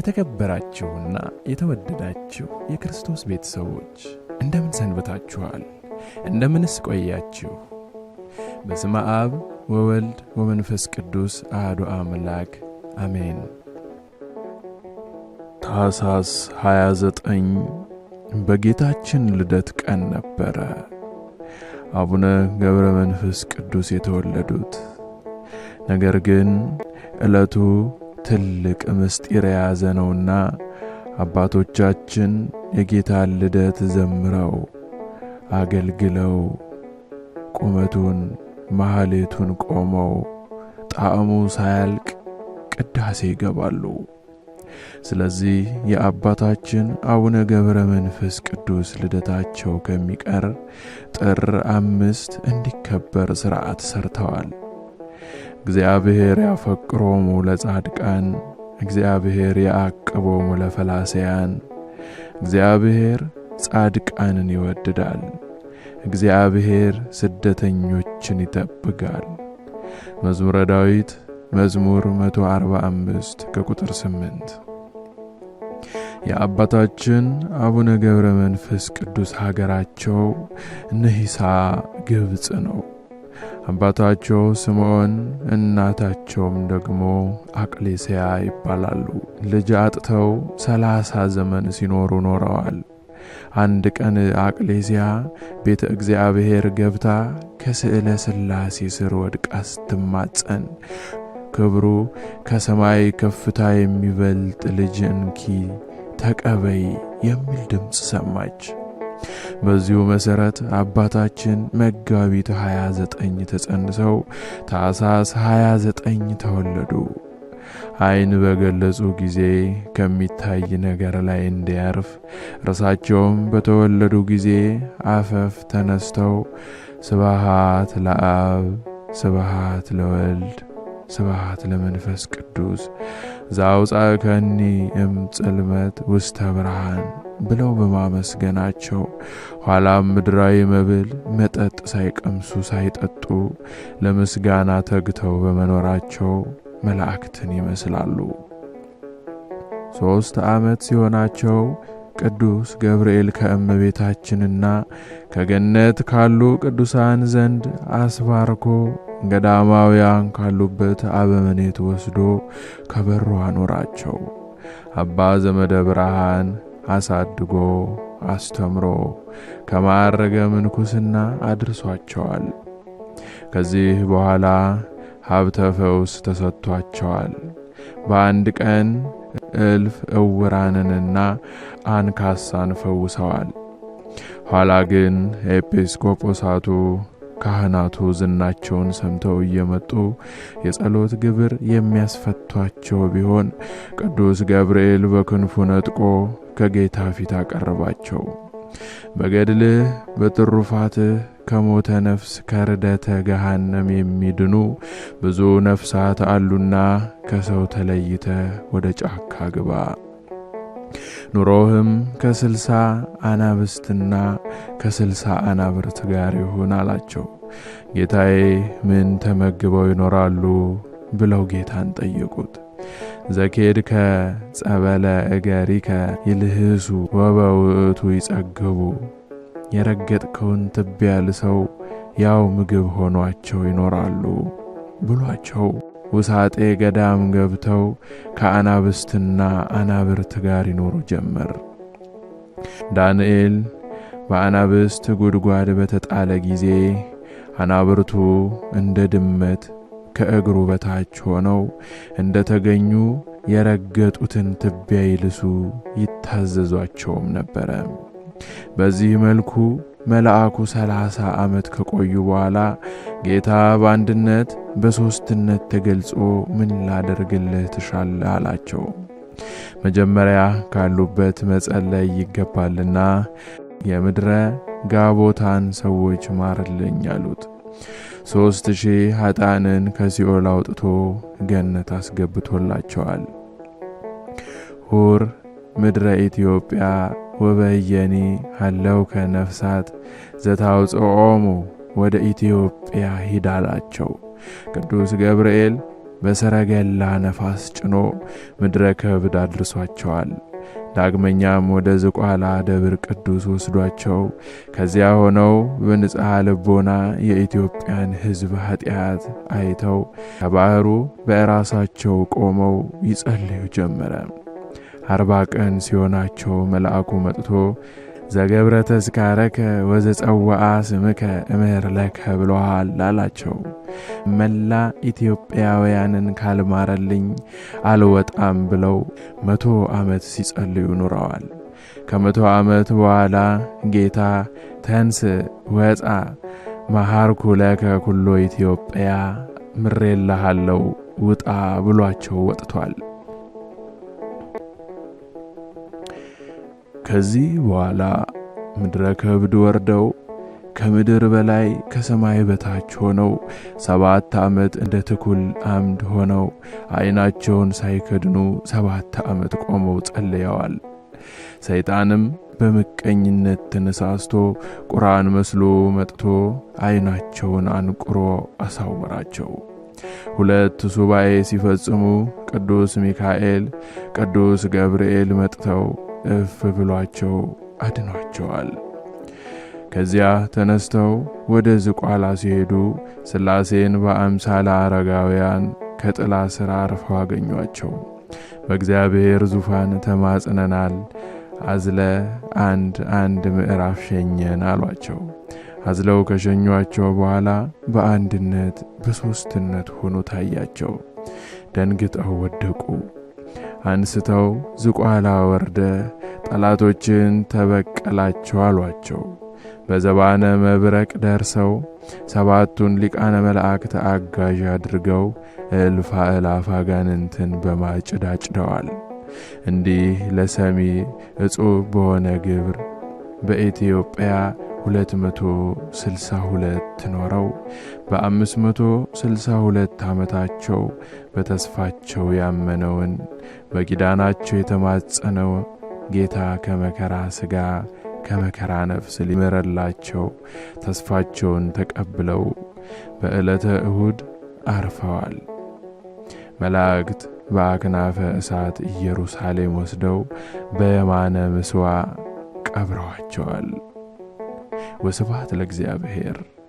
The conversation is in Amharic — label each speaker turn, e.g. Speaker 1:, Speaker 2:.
Speaker 1: የተከበራችሁና የተወደዳችሁ የክርስቶስ ቤተሰቦች እንደምን ሰንበታችኋል? እንደምንስ ቆያችሁ? በስመ አብ ወወልድ ወመንፈስ ቅዱስ አህዶ አምላክ አሜን። ታሳስ 29 በጌታችን ልደት ቀን ነበረ አቡነ ገብረ መንፈስ ቅዱስ የተወለዱት። ነገር ግን ዕለቱ ትልቅ ምስጢር የያዘ ነውና አባቶቻችን የጌታን ልደት ዘምረው አገልግለው ቁመቱን ማህሌቱን ቆመው ጣዕሙ ሳያልቅ ቅዳሴ ይገባሉ። ስለዚህ የአባታችን አቡነ ገብረ መንፈስ ቅዱስ ልደታቸው ከሚቀር ጥር አምስት እንዲከበር ሥርዓት ሰርተዋል። እግዚአብሔር ያፈቅሮሙ ለጻድቃን እግዚአብሔር ያአቅቦሙ ለፈላስያን። እግዚአብሔር ጻድቃንን ይወድዳል። እግዚአብሔር ስደተኞችን ይጠብቃል። መዝሙረ ዳዊት መዝሙር 145 ከቁጥር 8። የአባታችን አቡነ ገብረ መንፈስ ቅዱስ ሀገራቸው ንሂሳ ግብጽ ነው። አባታቸው ስምዖን እናታቸውም ደግሞ አቅሌስያ ይባላሉ። ልጅ አጥተው ሰላሳ ዘመን ሲኖሩ ኖረዋል። አንድ ቀን አቅሌስያ ቤተ እግዚአብሔር ገብታ ከስዕለ ሥላሴ ስር ወድቃ ስትማጸን ክብሩ ከሰማይ ከፍታ የሚበልጥ ልጅ እንኪ ተቀበይ የሚል ድምፅ ሰማች። በዚሁ መሰረት አባታችን መጋቢት 29 ተጸንሰው ታሳስ 29 ተወለዱ። አይን በገለጹ ጊዜ ከሚታይ ነገር ላይ እንዲያርፍ እርሳቸውም በተወለዱ ጊዜ አፈፍ ተነስተው ስብሃት ለአብ ስብሃት ለወልድ ስብሃት ለመንፈስ ቅዱስ ዛውፃእከኒ እምጽልመት ውስተ ብርሃን ብለው በማመስገናቸው ኋላም ምድራዊ መብል መጠጥ ሳይቀምሱ ሳይጠጡ ለምስጋና ተግተው በመኖራቸው መላእክትን ይመስላሉ። ሦስት ዓመት ሲሆናቸው ቅዱስ ገብርኤል ከእመቤታችንና ከገነት ካሉ ቅዱሳን ዘንድ አስባርኮ ገዳማውያን ካሉበት አበመኔት ወስዶ ከበሩ አኖራቸው። አባ ዘመደ ብርሃን አሳድጎ አስተምሮ ከማዕረገ ምንኩስና አድርሷቸዋል። ከዚህ በኋላ ሀብተ ፈውስ ተሰጥቷቸዋል። በአንድ ቀን እልፍ እውራንንና አንካሳን ፈውሰዋል። ኋላ ግን ኤጲስቆጶሳቱ ካህናቱ ዝናቸውን ሰምተው እየመጡ የጸሎት ግብር የሚያስፈቷቸው ቢሆን ቅዱስ ገብርኤል በክንፉ ነጥቆ ከጌታ ፊት አቀረባቸው። በገድልህ በትሩፋትህ ከሞተ ነፍስ ከርደተ ገሃነም የሚድኑ ብዙ ነፍሳት አሉና ከሰው ተለይተ ወደ ጫካ ግባ። ኑሮህም ከስልሳ አናብስትና ከስልሳ አናብርት ጋር ይሁን አላቸው። ጌታዬ ምን ተመግበው ይኖራሉ ብለው ጌታን ጠየቁት። ዘኬድ ጸበለ እገሪከ ይልህሱ ወበውእቱ ይጸግቡ የረገጥከውን ትቢያ ልሰው ያው ምግብ ሆኗቸው ይኖራሉ ብሏቸው ውሳጤ ገዳም ገብተው ከአናብስትና አናብርት ጋር ይኖሩ ጀመር። ዳንኤል በአናብስት ጉድጓድ በተጣለ ጊዜ አናብርቱ እንደ ድመት ከእግሩ በታች ሆነው እንደ ተገኙ የረገጡትን ትቢያ ይልሱ ይታዘዟቸውም ነበረ። በዚህ መልኩ መልአኩ ሰላሳ ዓመት ከቆዩ በኋላ ጌታ በአንድነት በሦስትነት ተገልጾ ምን ላደርግልህ ትሻል አላቸው። መጀመሪያ ካሉበት መጸለይ ይገባልና የምድረ ጋቦታን ሰዎች ማርልኝ አሉት። ሦስት ሺህ ኃጣንን ከሲኦል አውጥቶ ገነት አስገብቶላቸዋል። ሁር ምድረ ኢትዮጵያ ወበየኒ አለው ከነፍሳት ዘታውፅኦሙ ወደ ኢትዮጵያ ሂዳላቸው። ቅዱስ ገብርኤል በሰረገላ ነፋስ ጭኖ ምድረ ከብድ አድርሷቸዋል። ዳግመኛም ወደ ዝቋላ ደብር ቅዱስ ወስዷቸው ከዚያ ሆነው በንጽሐ ልቦና የኢትዮጵያን ሕዝብ ኃጢአት አይተው ከባሕሩ በራሳቸው ቆመው ይጸልዩ ጀመረ። አርባ ቀን ሲሆናቸው መልአኩ መጥቶ ዘገብረ ተስካረከ ወዘጸወአ ስምከ እምህር ለከ ብሎሃል አላቸው። መላ ኢትዮጵያውያንን ካልማረልኝ አልወጣም ብለው መቶ ዓመት ሲጸልዩ ኑረዋል። ከመቶ ዓመት በኋላ ጌታ ተንስ ወፃ መሐርኩ ለከ ኩሎ ኢትዮጵያ ምሬልሃለው ውጣ ብሏቸው ወጥቷል። ከዚህ በኋላ ምድረ ከብድ ወርደው ከምድር በላይ ከሰማይ በታች ሆነው ሰባት ዓመት እንደ ትኩል አምድ ሆነው አይናቸውን ሳይከድኑ ሰባት ዓመት ቆመው ጸልየዋል። ሰይጣንም በምቀኝነት ተነሳስቶ ቁራን መስሎ መጥቶ አይናቸውን አንቁሮ አሳወራቸው። ሁለት ሱባኤ ሲፈጽሙ ቅዱስ ሚካኤል፣ ቅዱስ ገብርኤል መጥተው እፍ ብሏቸው አድኗቸዋል። ከዚያ ተነስተው ወደ ዝቋላ ሲሄዱ ሥላሴን በአምሳለ አረጋውያን ከጥላ ሥር አርፈው አገኟቸው። በእግዚአብሔር ዙፋን ተማጽነናል፣ አዝለ አንድ አንድ ምዕራፍ ሸኘን አሏቸው። አዝለው ከሸኟቸው በኋላ በአንድነት በሦስትነት ሆኖ ታያቸው። ደንግጠው ወደቁ። አንስተው ዝቋላ ወርደ ጠላቶችን ተበቀላቸው አሏቸው። በዘባነ መብረቅ ደርሰው ሰባቱን ሊቃነ መላእክት አጋዥ አድርገው እልፍ አእላፍ አጋንንትን በማጭድ አጭደዋል። እንዲህ ለሰሚ እጹብ በሆነ ግብር በኢትዮጵያ 262 ኖረው በ562 ዓመታቸው በተስፋቸው ያመነውን በኪዳናቸው የተማጸነው ጌታ ከመከራ ሥጋ ከመከራ ነፍስ ሊመረላቸው ተስፋቸውን ተቀብለው በዕለተ እሁድ አርፈዋል። መላእክት በአክናፈ እሳት ኢየሩሳሌም ወስደው በየማነ ምስዋ ቀብረዋቸዋል። لك الأجزاء هير